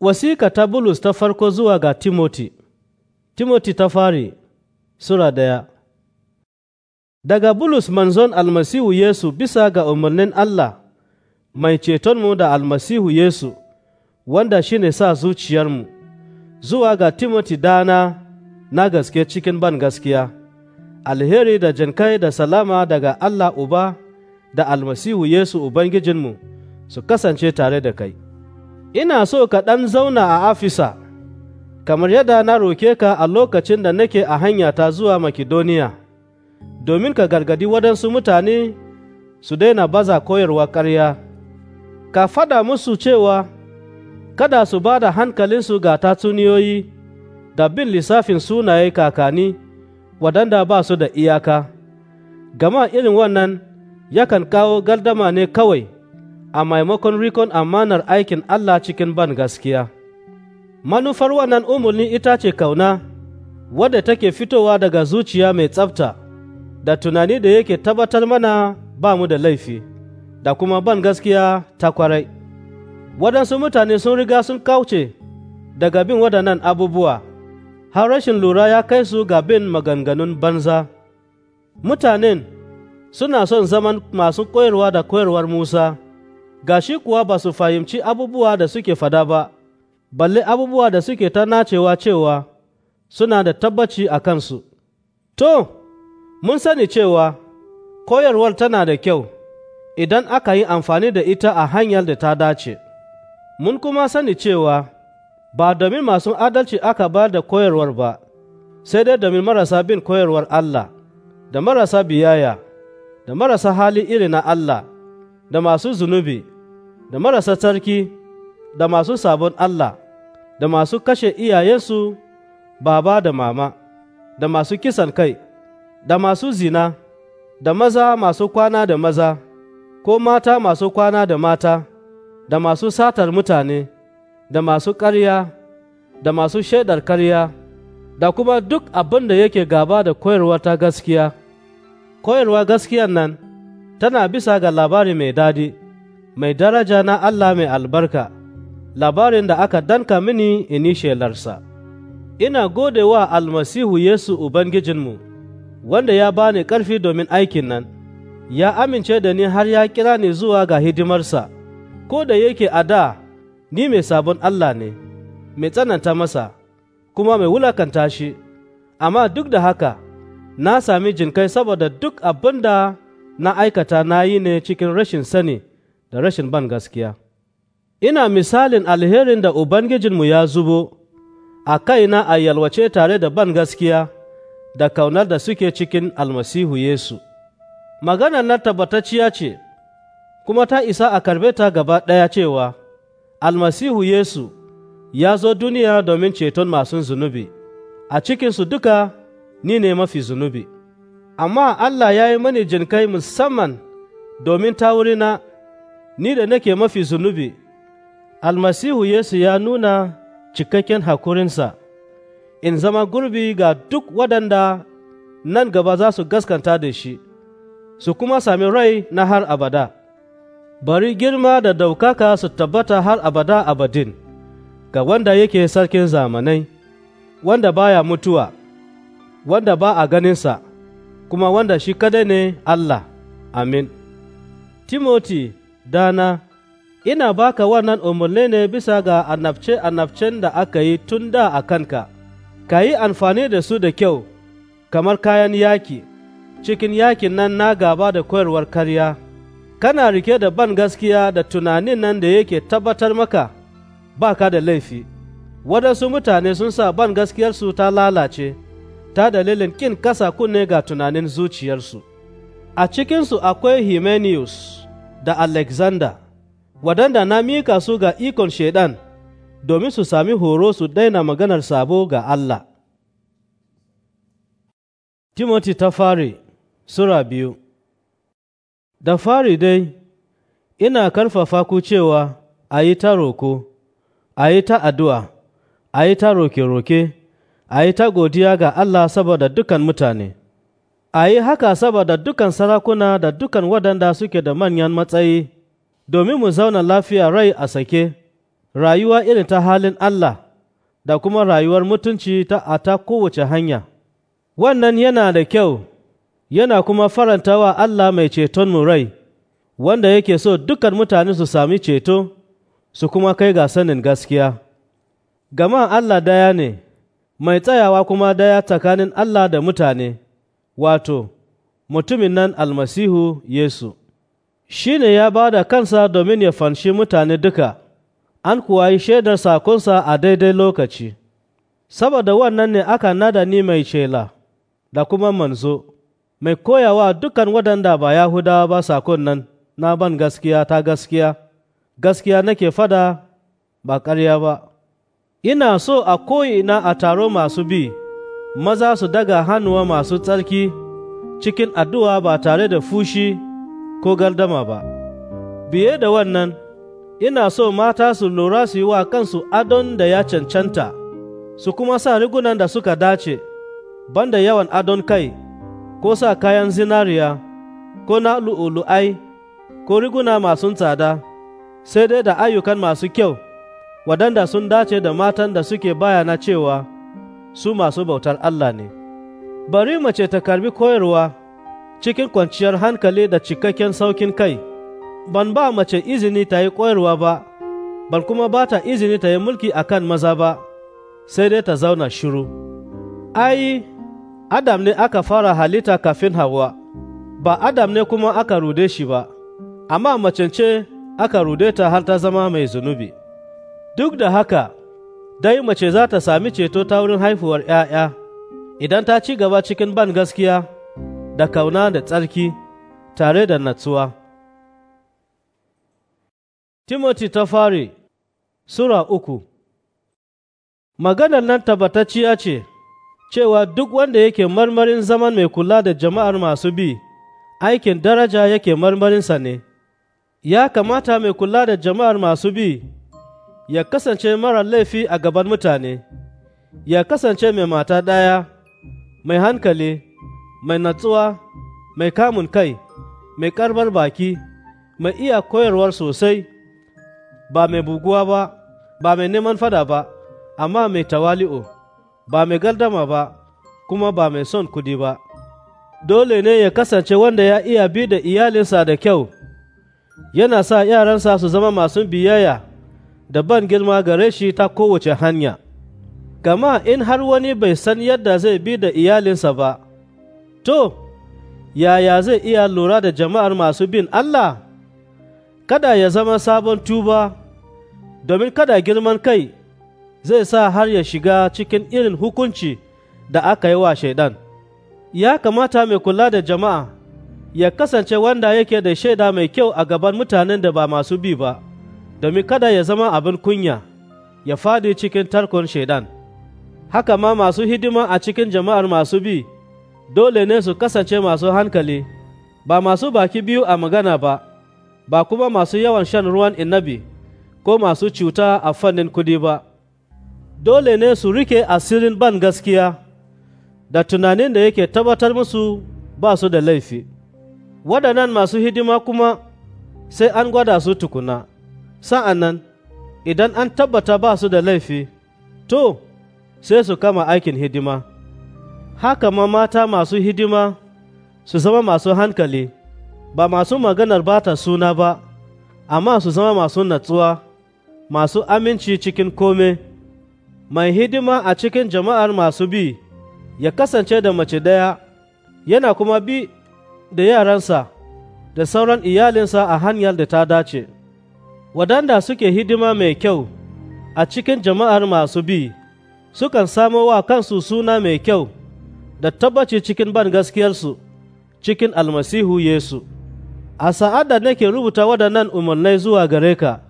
Wasika ta Bulus ta farko zuwa ga Timoti Timoti ta fari Sura daya Daga Bulus manzon almasihu Yesu bisa ga umarnin Allah mai cetonmu da almasihu Yesu wanda shi ne sa zuciyarmu zuwa ga Timoti dana na gaske cikin ban gaskiya alheri da jinkai da salama daga Allah Uba da almasihu Yesu Ubangijinmu su kasance tare da kai. ina so ka ɗan zauna a Afisa, kamar yadda na roke ka a lokacin da nake a hanya ta zuwa Makedoniya, domin ka gargadi waɗansu mutane su daina baza koyarwa karya. ka faɗa musu cewa kada su ba da hankalinsu ga tatsuniyoyi da bin lissafin sunaye kakani waɗanda ba su da iyaka, gama irin wannan yakan kawo gardama ne kawai a maimakon rikon amanar aikin Allah cikin ban gaskiya. Manufar wannan umarni ita ce kauna, wadda take fitowa daga zuciya mai tsafta, da tunani da yake tabbatar mana ba mu da laifi, da kuma ban gaskiya ta kwarai. Waɗansu mutane sun riga sun kauce daga bin waɗannan abubuwa, har rashin lura ya kai su ga bin maganganun banza. Mutanen suna son zaman masu koyarwa da koyarwar Musa. gashi kuwa ba su fahimci abubuwa da suke fada ba, balle abubuwa da suke ta nacewa cewa suna da tabbaci a kansu. To, mun sani cewa koyarwar tana da kyau idan aka yi amfani da ita a hanyar da ta dace. Mun kuma sani cewa ba domin masu adalci aka ba da koyarwar ba, sai dai domin marasa bin koyarwar Allah, da marasa biyaya, da marasa hali iri na Allah, da masu zunubi. da marasa sarki da masu sabon Allah da masu kashe iyayensu baba da mama da masu kisan kai da masu zina da maza masu kwana da maza ko mata masu kwana da mata da masu satar mutane da masu karya da masu shaidar karya da kuma duk abin da yake gaba da koyarwa ta gaskiya koyarwa gaskiyan nan tana bisa ga labari mai daɗi. mai daraja na Allah mai albarka, labarin da aka danka mini ini shelarsa. Ina gode wa almasihu Yesu Ubangijinmu, wanda ya bani ƙarfi domin aikin nan, ya amince da ni har ya kira ni zuwa ga hidimarsa, ko da yake a da ni mai sabon Allah ne, mai tsananta masa, kuma mai wulakanta shi, amma duk da haka, na sami jinkai saboda duk abin da na aikata na yi ne cikin rashin sani. da rashin ban gaskiya. Ina misalin alherin da Ubangijinmu ya zubo a kaina a yalwace tare da ban gaskiya da kaunar da suke cikin almasihu Yesu. Maganar na tabbatacciya ce, kuma ta isa a karbe ta gaba ɗaya cewa, Almasihu Yesu ya zo duniya domin ceton masu zunubi, a cikinsu duka ni ne mafi zunubi. Amma Allah ya yi mani jinkai musamman domin ta wurina ni da nake mafi zunubi, almasihu Yesu ya nuna cikakken hakurinsa, in zama gurbi ga duk waɗanda nan gaba za su gaskanta da shi, su kuma sami rai na har abada. Bari girma da ɗaukaka su tabbata har abada abadin ga wanda yake sarkin zamanai, wanda baya mutuwa, wanda ba a ganinsa, kuma wanda shi kadai ne Allah. Amin. Timoti dana ina baka wannan umarni ne bisa ga annabce-annabcen da aka yi tun da a kanka, ka yi amfani da su da kyau, kamar kayan yaki, cikin yakin nan na gaba da koyarwar karya, kana rike da ban gaskiya da tunanin nan da yake tabbatar maka ba ka da laifi. Waɗansu mutane sun sa ban gaskiyarsu ta lalace, ta dalilin kin kasa kunne ga tunanin zuciyarsu. A cikinsu akwai Himenius. da Alexander, waɗanda na mika su ga ikon Shaiɗan domin su sami horo su daina maganar sabo ga Allah. Timoti ta fari Sura biyu Da fari dai, ina karfafa ku cewa a yi ta roko, a yi ta addu'a, a yi ta roke-roke, a yi ta godiya ga Allah saboda dukan mutane. a yi haka saboda dukan sarakuna da dukan waɗanda suke da manyan matsayi, domin mu zauna lafiya rai a sake, rayuwa irin ta halin Allah da kuma rayuwar mutunci ta a ta kowace hanya. Wannan yana da kyau, yana kuma farantawa Allah mai ceton mu rai, wanda yake so dukan mutane su sami ceto, su kuma kai ga sanin gaskiya. Gama Allah daya ne, mai tsayawa kuma daya tsakanin Allah da mutane. wato, mutumin nan almasihu Yesu, shi ne ya ba da kansa domin ya fanshi mutane duka, an kuwa yi shaidar sakonsa a daidai lokaci, saboda wannan ne aka nada ni mai cela da kuma manzo, mai koyawa dukan waɗanda ba Yahudawa ba sakon nan na ban gaskiya ta gaskiya, gaskiya nake fada ba ƙarya ba. Ina so a koyi na a taro masu bi. maza su daga hannuwa masu tsarki cikin addu'a ba tare da fushi ko gardama ba. Biye da wannan, ina so mata su lura su yi wa kansu adon da ya cancanta, su kuma sa rigunan da suka dace, banda yawan adon kai, ko sa kayan zinariya, ko na lu'ulu'ai, ko riguna masu tsada, sai dai da ayyukan masu kyau, waɗanda sun dace da matan da suke bayana cewa. su masu bautar Allah ne. Bari mace ta karbi koyarwa cikin kwanciyar hankali da cikakken saukin kai, ban ba mace izini ta yi koyarwa ba, ban kuma ba ta izini ta yi mulki a kan maza ba, sai dai ta zauna shiru. Ai, Adam ne aka fara halitta kafin Hawa, ba Adam ne kuma aka rude shi ba, amma mace ce aka rude ta har ta zama mai zunubi. Duk da haka, dai mace za ta sami ceto ta wurin haifuwar ‘ya'ya, idan ta ci gaba cikin ban gaskiya da kauna da tsarki tare da natsuwa. Timoti ta fari Sura uku Maganar nan tabbatacciya ce, cewa duk wanda yake marmarin zaman mai kula da jama'ar masu bi, aikin daraja yake marmarinsa ne, ya kamata mai kula da jama'ar masu bi ya kasance mara laifi a gaban mutane, ya kasance mai mata ɗaya, mai hankali, mai natsuwa, mai kamun kai, mai karbar baki, mai iya koyarwar sosai, ba mai buguwa ba, ba mai neman fada ba, amma mai tawali'u ba mai gardama ba, kuma ba mai son kudi ba. Dole ne ya kasance wanda ya iya bi da iyalinsa da kyau, yana sa yaransa su zama masu biyayya. da ban girma gare shi ta kowace hanya gama in har wani bai san yadda zai bi da iyalinsa ba to yaya zai iya lura da jama'ar masu bin Allah kada ya zama sabon tuba domin kada girman kai zai sa har ya shiga cikin irin hukunci da aka yi wa shaidan ya kamata mai kula da jama'a ya kasance wanda yake da shaida mai kyau a gaban mutanen da ba masu bi ba. domin kada ya zama abin kunya ya fadi cikin tarkon shaidan. Haka ma masu hidima a cikin jama'ar masu bi, dole ne su kasance masu hankali, ba masu baki biyu a magana ba, ba kuma masu yawan shan ruwan inabi ko masu cuta a fannin kudi ba. Dole ne su rike asirin ban gaskiya da tunanin da yake tabbatar musu ba su da laifi. Waɗannan masu hidima kuma sai an gwada su tukuna. sa'an nan idan an tabbata ba su da laifi, to, sai su kama aikin hidima, haka ma mata masu hidima su zama masu hankali, ba masu maganar bata suna ba, amma su zama masu natsuwa, masu aminci cikin kome, mai hidima a cikin jama'ar masu bi ya kasance da mace ɗaya, yana kuma bi da yaransa da sauran iyalinsa a hanyar da ta dace. waɗanda suke hidima mai kyau a cikin jama'ar masu bi sukan samo wa kansu suna mai kyau da tabbaci cikin ban gaskiyarsu cikin almasihu Yesu. A sa'ad da nake rubuta waɗannan umarnai zuwa gare ka,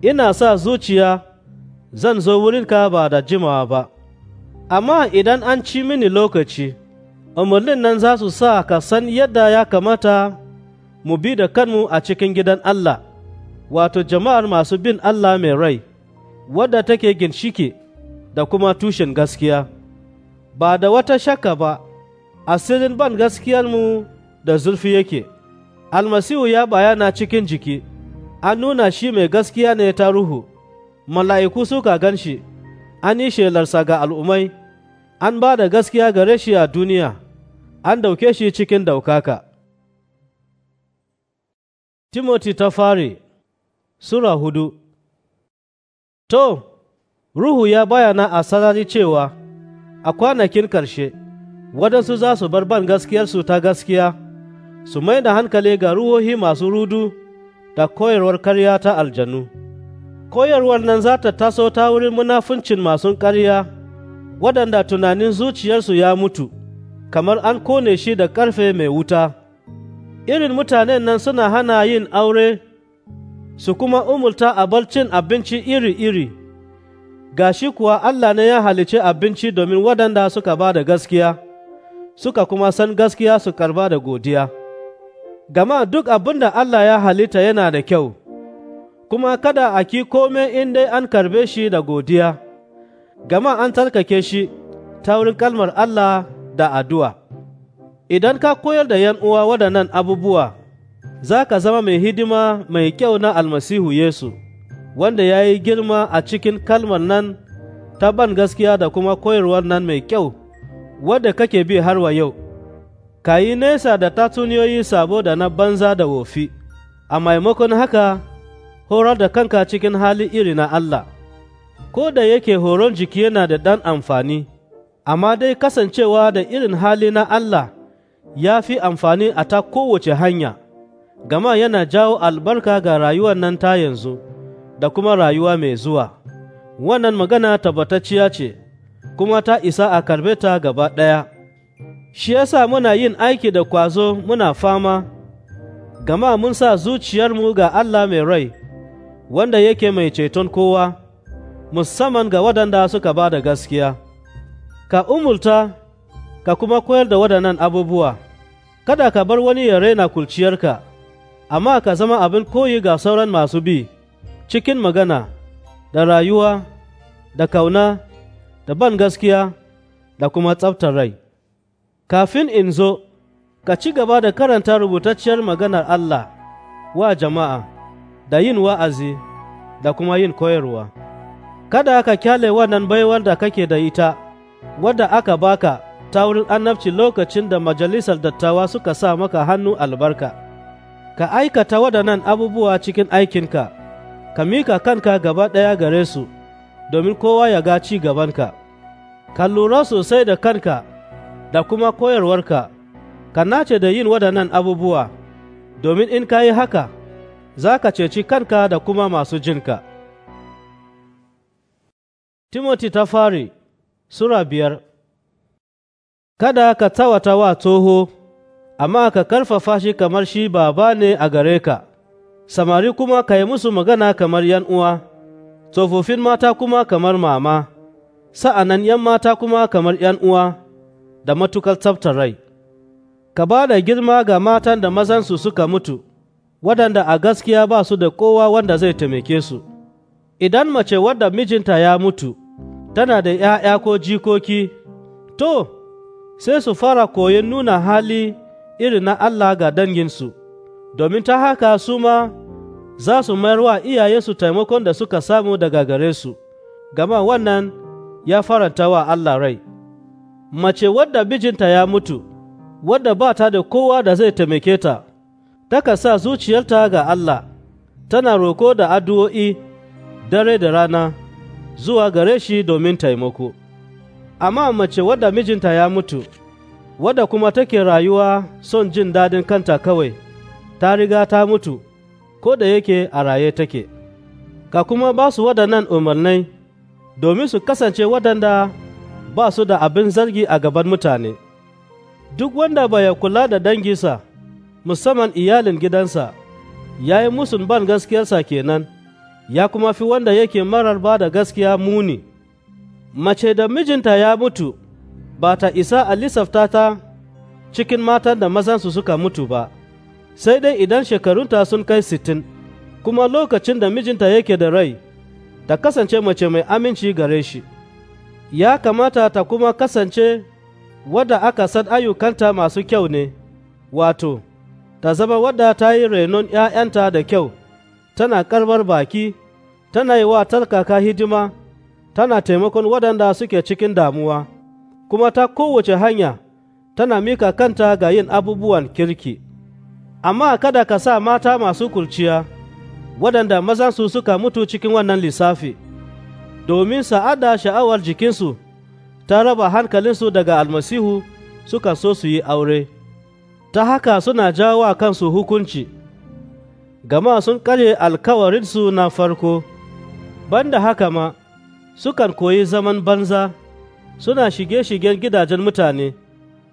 ina sa zuciya zan zo wurin ka ba da jimawa ba, amma idan an ci mini lokaci, umarnin nan za su sa ka san yadda ya kamata mu bi da kanmu a cikin gidan Allah. wato jama'ar masu bin Allah mai rai, wadda take ginshike da kuma tushen gaskiya, ba da wata shakka ba, asirin ban gaskiyarmu da zurfi yake, almasihu ya bayana cikin jiki, an nuna shi mai gaskiya ne ta ruhu, mala'iku suka gan shi, an yi shelarsa ga al'ummai, an ba da gaskiya gare shi a duniya, an dauke shi cikin daukaka. Timoti ta fari Sura hudu To, Ruhu ya bayana a sarari cewa a kwanakin ƙarshe waɗansu za su bar ban gaskiyarsu ta gaskiya su mai da hankali ga ruhohi masu rudu da koyarwar karya ta aljanu. Koyarwar nan za ta taso ta wurin munafuncin masu karya waɗanda tunanin zuciyarsu ya mutu kamar an kone shi da ƙarfe mai wuta. Irin mutanen nan suna hana yin aure. su kuma umulta bar cin abinci iri-iri, Ga shi kuwa Allah ne ya halice abinci domin waɗanda suka ba da gaskiya, suka kuma san gaskiya su karba da godiya. Gama duk abin da Allah ya halitta yana da kyau, kuma kada a ki kome in dai an karbe shi da godiya, gama an tarkake shi ta wurin kalmar Allah da addu'a. Idan ka koyar da uwa waɗannan abubuwa, za ka zama mai hidima mai kyau na almasihu Yesu, wanda ya yi girma a cikin kalmar nan ta ban gaskiya da kuma koyarwar nan mai kyau, wadda kake bi har wa yau. Ka yi nesa da tatsuniyoyi sabo da na banza da wofi, a maimakon haka horar da kanka cikin hali iri na Allah. Ko da yake horon jiki yana da ɗan amfani, amma dai kasancewa da irin hali na Allah ya fi amfani a ta kowace hanya. gama yana jawo albarka ga rayuwar nan ta yanzu da kuma rayuwa mai zuwa. Wannan magana tabbatacciya ce, kuma ta isa a karbe ta gaba ɗaya. Shi yasa muna yin aiki da kwazo muna fama, gama mun sa zuciyarmu ga Allah mai rai, wanda yake mai ceton kowa, musamman ga waɗanda suka ba da gaskiya. Ka umulta, ka kuma koyar da waɗannan abubuwa, kada ka bar wani ya raina kulciyarka. amma ka zama abin koyi ga sauran masu bi cikin magana da rayuwa da kauna da ban gaskiya da kuma tsabtar rai kafin in zo ka ci gaba da karanta rubutacciyar maganar Allah wa jama'a da yin wa'azi da kuma yin koyarwa kada ka kyale wannan baiwar da kake da ita wadda aka baka ta wurin annabci lokacin da majalisar dattawa suka sa maka hannu albarka ka aikata waɗannan abubuwa cikin aikinka, ka mika kanka gaba ɗaya gare su, domin kowa ya ga ci gabanka. Ka lura sosai da kanka da kuma koyarwarka, ka nace da yin waɗannan abubuwa, domin in ka yi haka, za ka ceci kanka da kuma masu jinka. Timoti ta fari Sura biyar Kada ka tawata wa tsoho amma ka karfafa shi kamar shi baba ne a gare ka, samari kuma ka yi musu magana kamar yan uwa, tsofaffin mata kuma kamar mama, sa'anan ‘yan mata kuma kamar ‘yan uwa da matukar tsaftar rai. Ka ba da girma ga matan da mazansu suka mutu, waɗanda a gaskiya ba su da kowa wanda zai taimake su. Idan mace wadda mijinta ya mutu, tana da ‘ya'ya ko jikoki, to, sai su fara koyon nuna hali iri na Allah ga danginsu, domin ta haka su ma za su mayar wa iyayensu taimakon da suka samu daga gare su, gama wannan ya faranta wa Allah rai. Mace wadda bijinta ya mutu, wadda ba ta da kowa da zai taimake ta, taka sa zuciyarta ga Allah, tana roko da addu'o'i dare da rana zuwa gare shi domin taimako. Amma mace wadda mijinta ya mutu, wadda kuma take rayuwa son jin daɗin kanta kawai, ta riga ta mutu, ko da yake a raye take, ka kuma ba su waɗannan umarnai domin su kasance waɗanda ba su da abin zargi a gaban mutane. Duk wanda baya kula da dangisa, musamman iyalin gidansa, ya yi musun ban gaskiyarsa kenan, ya kuma fi wanda yake marar ba da gaskiya muni. Mace da mijinta ya mutu. ba ta isa a lissafta ta cikin matan da mazansu suka mutu ba, sai dai idan shekarunta sun kai sittin, kuma lokacin da mijinta yake da rai, ta kasance mace mai aminci gare shi. Ya kamata ta kuma kasance wadda aka san ayyukanta masu kyau ne, wato, ta zama wadda ta yi renon ‘ya'yanta da kyau, tana karbar baki, tana yi wa talkaka hidima, tana taimakon waɗanda suke cikin damuwa. kuma ta kowace hanya tana mika kanta ga yin abubuwan kirki. Amma kada ka sa mata masu kurciya waɗanda mazansu suka mutu cikin wannan lissafi, domin sa'ada sha'awar jikinsu ta raba hankalinsu daga almasihu suka so su yi aure, ta haka suna jawa kansu hukunci, gama sun kare alkawarinsu na farko, banda haka ma sukan koyi zaman banza. suna shige-shigen gidajen mutane,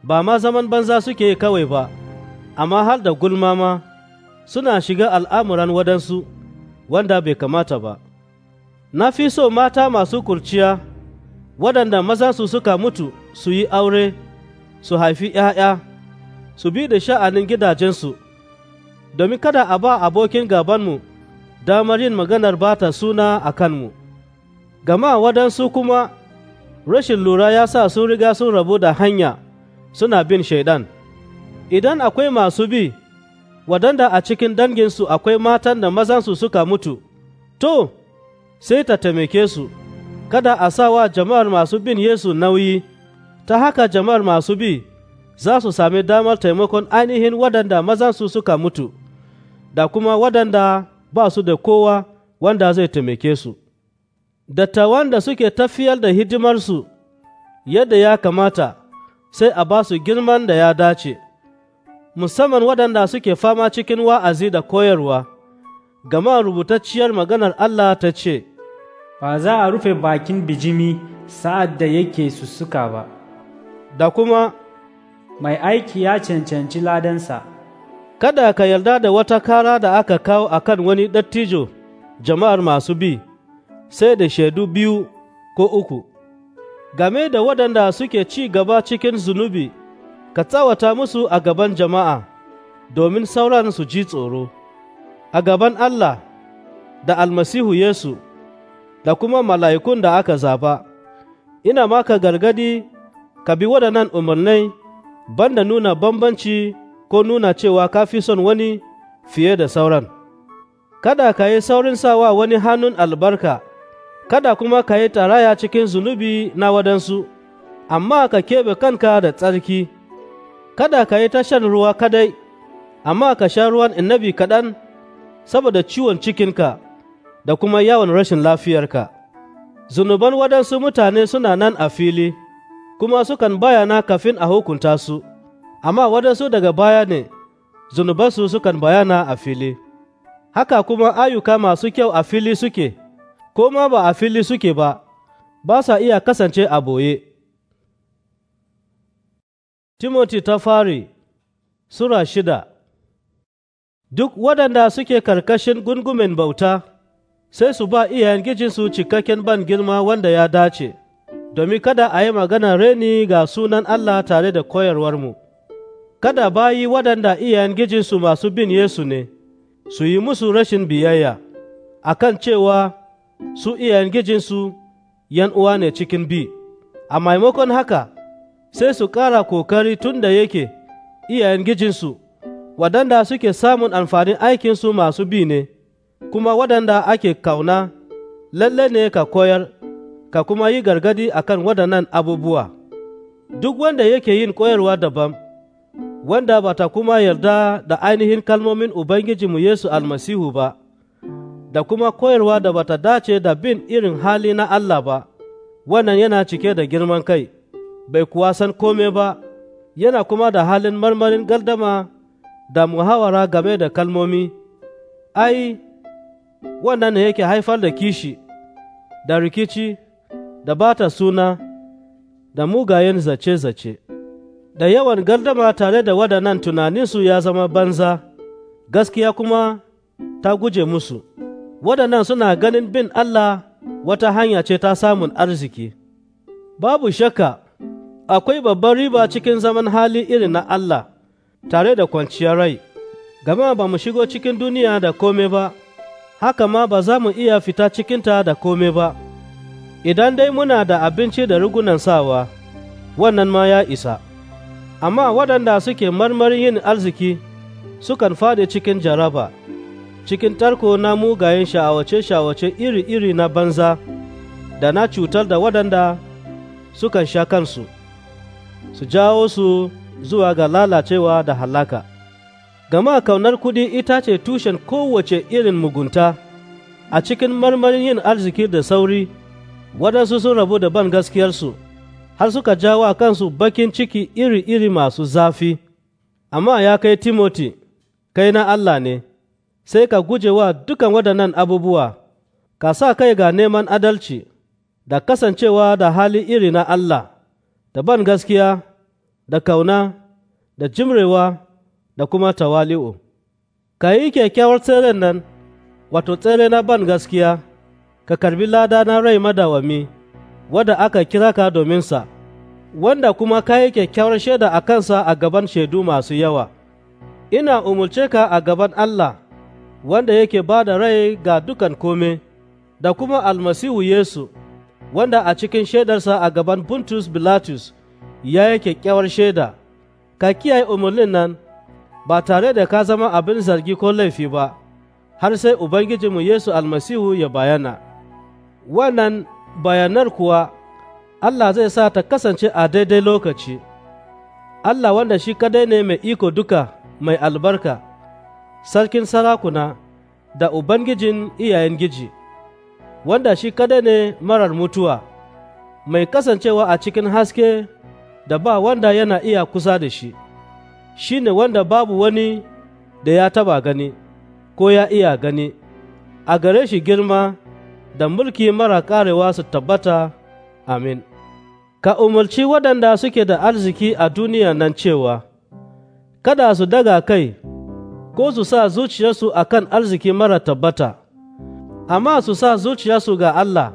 ba ma zaman banza suke kawai ba, amma har da gulma ma suna shiga al'amuran wadansu wanda bai kamata ba. Na fi so mata masu kurciya waɗanda maza su suka mutu su yi aure, su haifi ‘ya'ya, su bi da sha'anin gidajensu, domin kada a ba abokin gabanmu damar yin maganar ba ta suna a kanmu. Gama waɗansu kuma rashin lura ya sa sun riga sun rabu da hanya suna bin shaidan. Idan akwai masu bi, wadanda a cikin danginsu akwai matan da mazansu suka mutu, to, sai ta taimake su, kada a sa wa jama'ar masu bin Yesu nauyi, ta haka jama'ar masu bi za su sami damar taimakon ainihin waɗanda mazansu suka mutu, da kuma wadanda ba su da kowa wanda zai taimake su. dattawan da suke tafiyar da hidimarsu yadda ya kamata sai a ba su girman da ya dace, musamman waɗanda suke fama cikin wa'azi da koyarwa, gama rubutacciyar maganar Allah ta ce, Ba za a rufe bakin bijimi sa'ad da yake sussuka ba, da kuma, Mai aiki ya cancanci ladansa. Kada ka yarda da wata kara da aka kawo akan wani dattijo jama'ar masu bi. sai da shaidu biyu ko uku. Game da waɗanda suke ci gaba cikin zunubi, ka tsawata musu a gaban jama'a domin sauran su ji tsoro, a gaban Allah da almasihu Yesu da kuma mala'ikun da aka zaba. Ina maka gargadi ka bi waɗannan umarnai banda nuna bambanci ko nuna cewa ka fi son wani fiye da sauran. Kada ka yi saurin sawa wani hannun albarka. kada kuma ka yi taraya cikin zunubi na wadansu, amma ka keɓe kanka da tsarki, kada ka yi tashar ruwa kadai, amma ka sha ruwan inabi kaɗan saboda ciwon cikinka da kuma yawan rashin lafiyarka. Zunuban waɗansu mutane suna nan a fili, kuma sukan bayana kafin a hukunta su, amma waɗansu daga baya ne, zunubansu sukan bayana a fili. Haka kuma ayyuka masu kyau a fili suke. ko ma ba a fili suke ba, ba sa iya kasance a boye. Timoti ta fari Sura shida Duk waɗanda suke karkashin gungumen bauta, sai su ba iyayen gijinsu cikakken ban girma wanda ya dace, domin kada a yi magana reni ga sunan Allah tare da koyarwarmu. Kada bayi waɗanda iyayen gijinsu masu bin Yesu ne, su yi musu rashin biyayya, a kan cewa su iyayen gijinsu yan uwa ne cikin bi, a maimakon haka sai su ƙara kokari tun da yake iyayen gijinsu waɗanda suke samun amfanin aikinsu masu bi ne, kuma waɗanda ake kauna lalle ne ka koyar ka kuma yi gargadi a kan waɗannan abubuwa. Duk wanda yake yin koyarwa daban, wanda bata kuma yarda da ainihin kalmomin Ubangijinmu Yesu almasihu ba. da kuma koyarwa da bata dace da bin irin hali na Allah ba, wannan yana cike da girman kai, bai kuwa san kome ba, yana kuma da halin marmarin galdama da muhawara game da kalmomi, ai, wannan ne yake haifar da kishi, da rikici, da bata suna, da mugayen zace-zace. Da yawan gardama tare da waɗannan tunaninsu ya zama banza, gaskiya kuma ta guje musu. waɗannan suna ganin bin Allah wata hanya ce ta samun arziki. Babu shakka, akwai babban riba cikin zaman hali irin na Allah tare da kwanciyar rai, gama ba mu shigo cikin duniya da kome ba, haka ma ba za mu iya fita cikinta da kome ba. Idan dai muna da abinci da rugunan sawa, wannan ma ya isa. Amma waɗanda suke marmarin yin arziki sukan fadi cikin jaraba. cikin tarko na mugayen sha'awace-sha'awace iri-iri na banza da na cutar da waɗanda sukan sha kansu, su jawo su zuwa ga lalacewa da halaka. Gama kaunar kuɗi ita ce tushen kowace irin mugunta a cikin marmarin yin arziki da sauri, waɗansu sun rabu da ban gaskiyarsu, har suka jawo a kansu bakin ciki iri-iri masu zafi. Amma ya kai Timoti, kai na Allah ne. sai ka guje wa dukan waɗannan abubuwa, ka sa kai ga neman adalci da kasancewa da hali iri na Allah, da ban gaskiya, da kauna, da jimrewa, da kuma tawali'u. Ka yi kyakkyawar tseren nan, wato tsere na ban gaskiya, ka karbi lada na rai madawami, wadda aka kira ka dominsa, wanda kuma ka yi kyakkyawar shaida a kansa a gaban shaidu masu yawa. Ina umulce ka a gaban Allah. wanda yake ba da rai ga dukan kome, da kuma almasihu Yesu, wanda a cikin shaidarsa a gaban Buntus Bilatus ya yi kyakkyawar shaida, ka kiyaye umarnin nan ba tare da ka zama abin zargi ko laifi ba, har sai Ubangijinmu Yesu almasihu ya bayana. Wannan bayanar kuwa Allah zai sa ta kasance a daidai lokaci, Allah wanda shi kadai ne mai iko duka mai albarka. sarkin sarakuna da Ubangijin iyayen giji, wanda shi kada ne marar mutuwa, mai kasancewa a cikin haske da ba wanda yana iya kusa da shi, shi ne wanda babu wani da ya taba gani, ko ya iya gani, a gare shi girma da mulki mara karewa su tabbata, amin. Ka umarci waɗanda suke da arziki a duniya nan cewa, kada su daga kai. ko su sa zuciyarsu a kan arziki mara tabbata, amma su sa zuciyarsu ga Allah,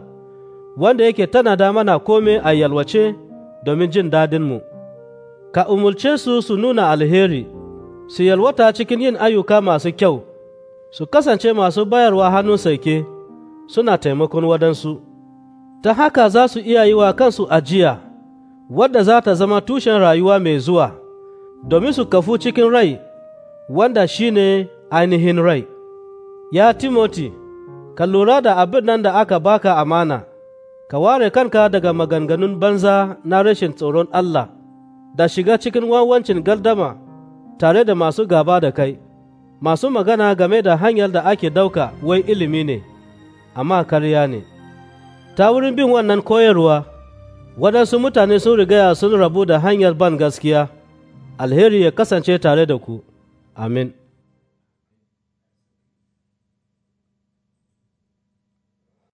wanda yake tana da mana kome a yalwace domin jin daɗinmu. Ka umulce su su nuna alheri, su yalwata cikin yin ayyuka masu kyau, su kasance masu bayarwa hannun saike, suna taimakon wadansu. Ta haka za su iya yi wa kansu ajiya, wadda za ta zama tushen rayuwa mai zuwa, domin su kafu cikin rai. wanda shi ne ainihin rai. Ya Timoti, ka lura da abin nan da aka baka amana, ka ware kanka daga maganganun banza na rashin tsoron Allah, da shiga cikin wawancin galdama tare da masu gaba da kai, masu magana game da hanyar da ake dauka wai ilimi ne, amma karya ne. Ta wurin bin wannan koyarwa, waɗansu mutane sun rigaya sun rabu da hanyar ban gaskiya, alheri ya kasance tare da ku. amiin